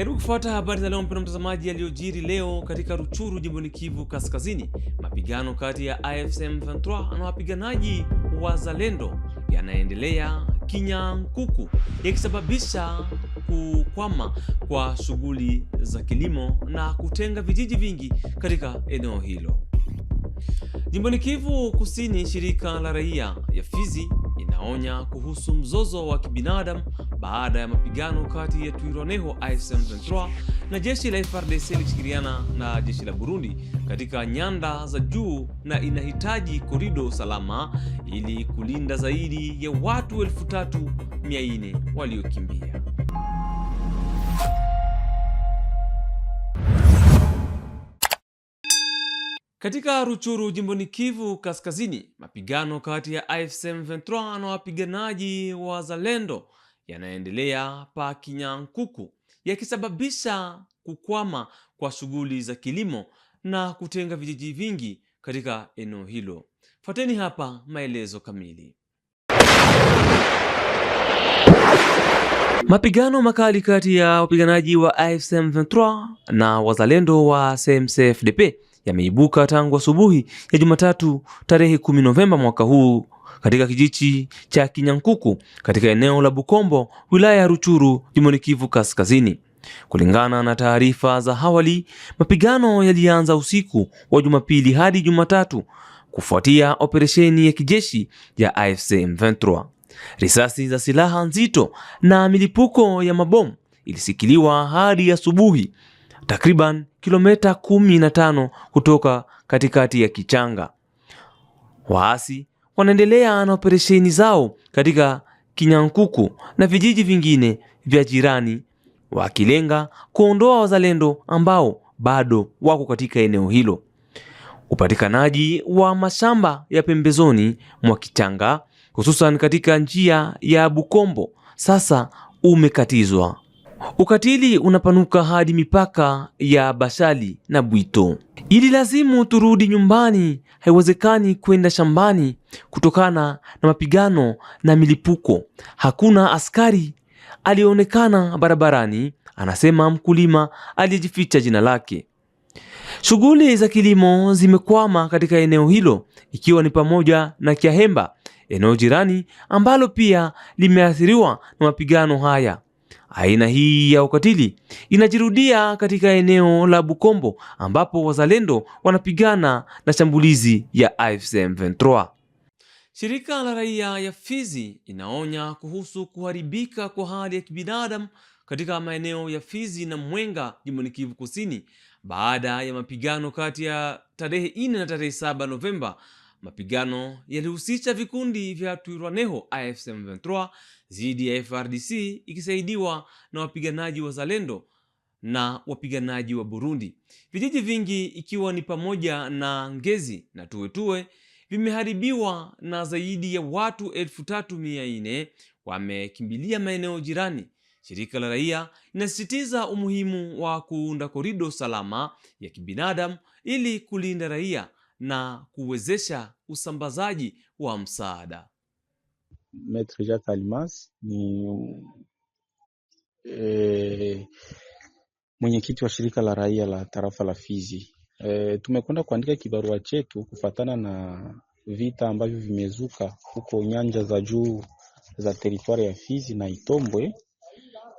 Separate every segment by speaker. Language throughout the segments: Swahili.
Speaker 1: Karibu kufuata habari za leo mpendwa mtazamaji, yaliyojiri leo katika Ruchuru jimboni Kivu Kaskazini. Mapigano kati ya AFC M23 na wapiganaji wa zalendo yanaendelea Kinyankuku yakisababisha kukwama kwa shughuli za kilimo na kutenga vijiji vingi katika eneo hilo. Jimboni Kivu Kusini, shirika la raia ya Fizi inaonya kuhusu mzozo wa kibinadamu baada ya mapigano kati ya Twirwaneho AFC/M23 na jeshi la FARDC likishirikiana na jeshi la Burundi katika nyanda za juu na inahitaji korido salama ili kulinda zaidi ya watu elfu waliokimbia. Katika Ruchuru jimboni Kivu Kaskazini, mapigano kati ya AFC/M23 na wapiganaji wa Zalendo yanaendelea pa Kinyankuku yakisababisha kukwama kwa shughuli za kilimo na kutenga vijiji vingi katika eneo hilo. Fuateni hapa maelezo kamili. Mapigano makali kati ya wapiganaji wa AFC M23 na wazalendo wa cmcfdp yameibuka tangu asubuhi ya Jumatatu tarehe 10 Novemba mwaka huu katika kijiji cha Kinyankuku katika eneo la Bukombo, wilaya ya Ruchuru, jimboni Kivu Kaskazini. Kulingana na taarifa za awali, mapigano yalianza usiku wa Jumapili hadi Jumatatu kufuatia operesheni ya kijeshi ya AFC M23. Risasi za silaha nzito na milipuko ya mabomu ilisikiliwa hadi asubuhi takriban kilomita 15 kutoka katikati ya Kichanga. Waasi wanaendelea na operesheni zao katika Kinyankuku na vijiji vingine vya jirani, wakilenga kuondoa wazalendo ambao bado wako katika eneo hilo. Upatikanaji wa mashamba ya pembezoni mwa Kitanga, hususan katika njia ya Bukombo, sasa umekatizwa. Ukatili unapanuka hadi mipaka ya Basali na Bwito. Ili lazimu turudi nyumbani, haiwezekani kwenda shambani kutokana na mapigano na milipuko. Hakuna askari aliyeonekana barabarani, anasema mkulima aliyejificha jina lake. Shughuli za kilimo zimekwama katika eneo hilo, ikiwa ni pamoja na Kiahemba, eneo jirani ambalo pia limeathiriwa na mapigano haya. Aina hii ya ukatili inajirudia katika eneo la Bukombo ambapo wazalendo wanapigana na shambulizi ya AFC M23. Shirika la raia ya Fizi inaonya kuhusu kuharibika kwa hali ya kibinadamu katika maeneo ya Fizi na Mwenga jimboni Kivu Kusini baada ya mapigano kati ya tarehe 4 na tarehe 7 Novemba Mapigano yalihusisha vikundi vya Twirwaneho AFC M23 dhidi ya frdc ikisaidiwa na wapiganaji wa Zalendo na wapiganaji wa Burundi. Vijiji vingi ikiwa ni pamoja na Ngezi na Tuwetuwe vimeharibiwa na zaidi ya watu elfu tatu mia nne wamekimbilia maeneo jirani. Shirika la raia inasisitiza umuhimu wa kuunda korido salama ya kibinadamu ili kulinda raia na kuwezesha usambazaji wa msaada.
Speaker 2: Maitre Jacques Almas ni e, mwenyekiti wa shirika la raia la tarafa la Fizi. E, tumekwenda kuandika kibarua chetu kufatana na vita ambavyo vimezuka huko nyanja za juu za teritwari ya Fizi na Itombwe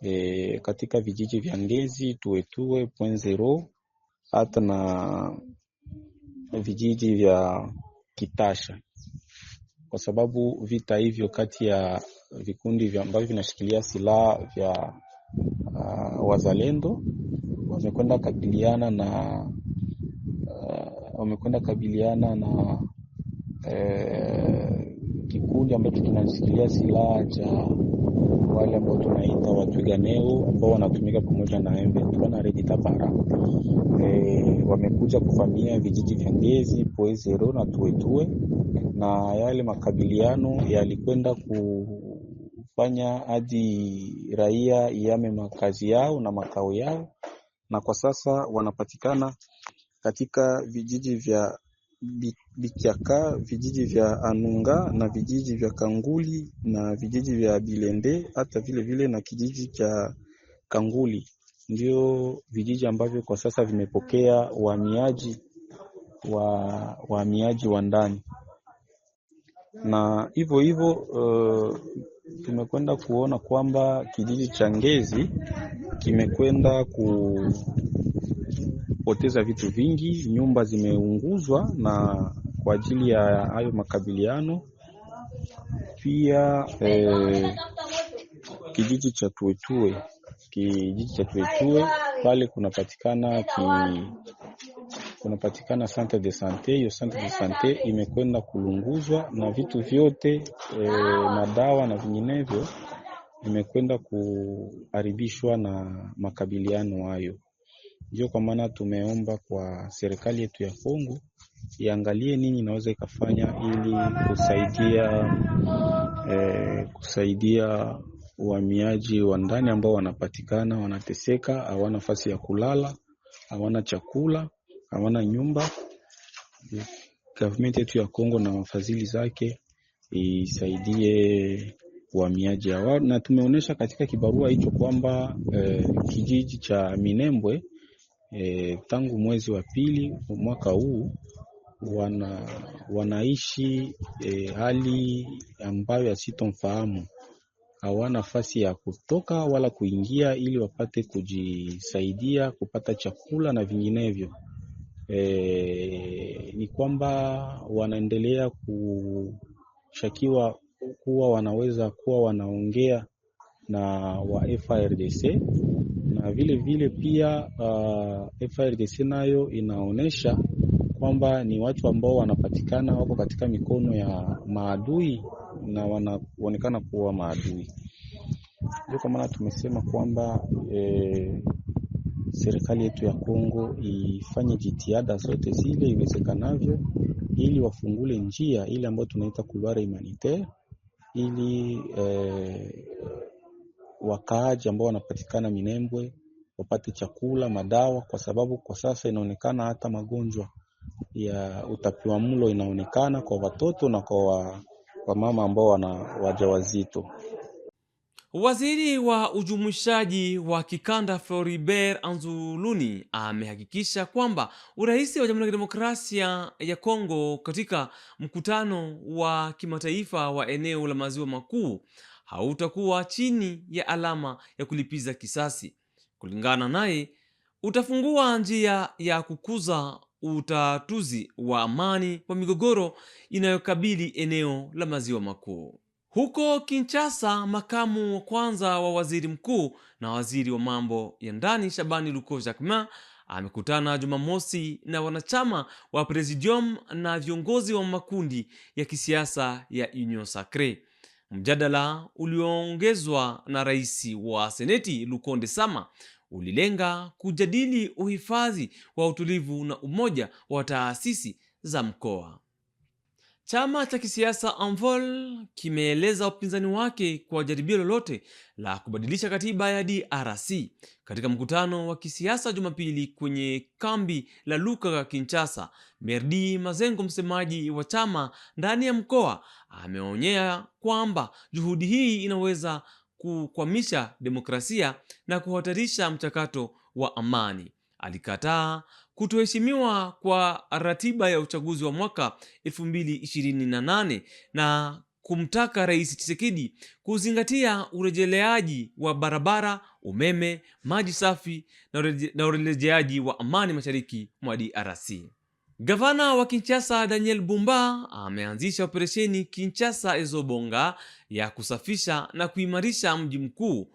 Speaker 2: e, katika vijiji vya Ngezi, Tuetue, Point Zero hata na vijiji vya Kitasha kwa sababu vita hivyo kati ya vikundi ambavyo vinashikilia silaha vya uh, wazalendo wamekwenda kabiliana na uh, wamekwenda kabiliana na uh, kikundi ambacho kinashikilia silaha cha ja, wale ambao tunaita wapiganeo ambao wanatumika pamoja na M23 na Redi Tabara e, wamekuja kuvamia vijiji vya Ngezi, Poezero na Tuetue, na yale makabiliano yalikwenda kufanya hadi raia iame makazi yao na makao yao, na kwa sasa wanapatikana katika vijiji vya Bichaka, vijiji vya Anunga na vijiji vya Kanguli na vijiji vya Bilende hata vilevile na kijiji cha Kanguli ndio vijiji ambavyo kwa sasa vimepokea wahamiaji wa wahamiaji wa ndani, na hivyo hivyo uh, tumekwenda kuona kwamba kijiji cha Ngezi kimekwenda ku kupoteza vitu vingi, nyumba zimeunguzwa, na kwa ajili ya hayo makabiliano pia eh, kijiji cha Tuetue kijiji cha Tuetue pale kunapatikana ki, kunapatikana centre de sante. Hiyo centre de sante imekwenda kulunguzwa na vitu vyote eh, madawa na vinginevyo imekwenda kuharibishwa na makabiliano hayo. Ndio kwa maana tumeomba kwa serikali yetu ya Kongo iangalie nini inaweza ikafanya ili kusaidia eh, kusaidia uhamiaji wa ndani ambao wanapatikana wanateseka, hawana nafasi ya kulala, hawana chakula, hawana nyumba. Government yetu ya Kongo na wafadhili zake isaidie uhamiaji hawa, na tumeonyesha katika kibarua hicho kwamba eh, kijiji cha Minembwe e, tangu mwezi wa pili mwaka huu wana, wanaishi e, hali ambayo asitomfahamu. Hawana nafasi ya kutoka wala kuingia ili wapate kujisaidia kupata chakula na vinginevyo. E, ni kwamba wanaendelea kushakiwa kuwa wanaweza kuwa wanaongea na wa FRDC na vile vile pia uh, FRDC nayo inaonyesha kwamba ni watu ambao wanapatikana wako katika mikono ya maadui na wanaonekana kuwa maadui. Ndio kwa maana tumesema kwamba e, serikali yetu ya Kongo ifanye jitihada zote zile iwezekanavyo, ili wafungule njia ile ambayo tunaita couloir humanitaire ili e, wakaaji ambao wanapatikana Minembwe wapate chakula, madawa, kwa sababu kwa sasa inaonekana hata magonjwa ya mlo inaonekana kwa watoto na kwa wa, kwa mama ambao wana wajawazito.
Speaker 1: Waziri wa ujumuishaji wa kikanda Floribert Anzuluni amehakikisha kwamba urais wa Jamhuri ya Kidemokrasia ya Kongo katika mkutano wa kimataifa wa eneo la maziwa makuu hautakuwa chini ya alama ya kulipiza kisasi. Kulingana naye, utafungua njia ya kukuza utatuzi wa amani wa migogoro inayokabili eneo la maziwa makuu. Huko Kinshasa, makamu wa kwanza wa waziri mkuu na waziri wa mambo ya ndani Shabani Luko Jacquemain amekutana Jumamosi na wanachama wa Presidium na viongozi wa makundi ya kisiasa ya Union Sacree. Mjadala ulioongezwa na rais wa seneti Lukonde Sama ulilenga kujadili uhifadhi wa utulivu na umoja wa taasisi za mkoa. Chama cha kisiasa Anvol kimeeleza upinzani wake kwa jaribio lolote la kubadilisha katiba ya DRC. Katika mkutano wa kisiasa Jumapili kwenye kambi la Luka Kinshasa, Merdi Mazengo, msemaji wa chama ndani ya mkoa, ameonyea kwamba juhudi hii inaweza kukwamisha demokrasia na kuhatarisha mchakato wa amani. Alikataa kutoheshimiwa kwa ratiba ya uchaguzi wa mwaka 2028 na kumtaka Rais Tshisekedi kuzingatia urejeleaji wa barabara, umeme, maji safi na urejeleaji wa amani mashariki mwa DRC. Gavana wa Kinshasa Daniel Bumba ameanzisha operesheni Kinshasa Ezobonga ya kusafisha na kuimarisha mji mkuu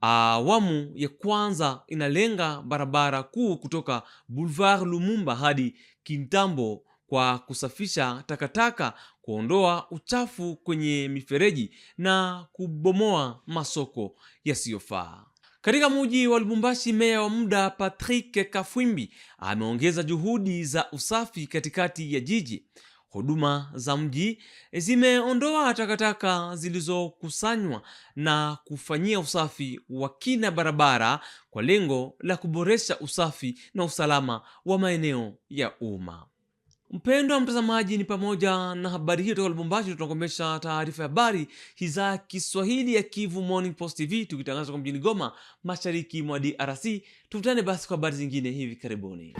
Speaker 1: Ah, awamu ya kwanza inalenga barabara kuu kutoka Boulevard Lumumba hadi Kintambo kwa kusafisha takataka, kuondoa uchafu kwenye mifereji na kubomoa masoko yasiyofaa. Katika mji wa Lubumbashi, meya wa muda Patrick Kafwimbi ameongeza juhudi za usafi katikati ya jiji. Huduma za mji zimeondoa takataka zilizokusanywa na kufanyia usafi wa kina barabara kwa lengo la kuboresha usafi na usalama wa maeneo ya umma. wa mtazamaji, ni pamoja na habari hiyo toka Lubumbashi. Tunakomesha taarifa ya habari za Kiswahili ya Kivu Morning Post TV, tukitangaza kwa mjini Goma, mashariki mwa DRC. Tukutane basi kwa habari zingine hivi karibuni.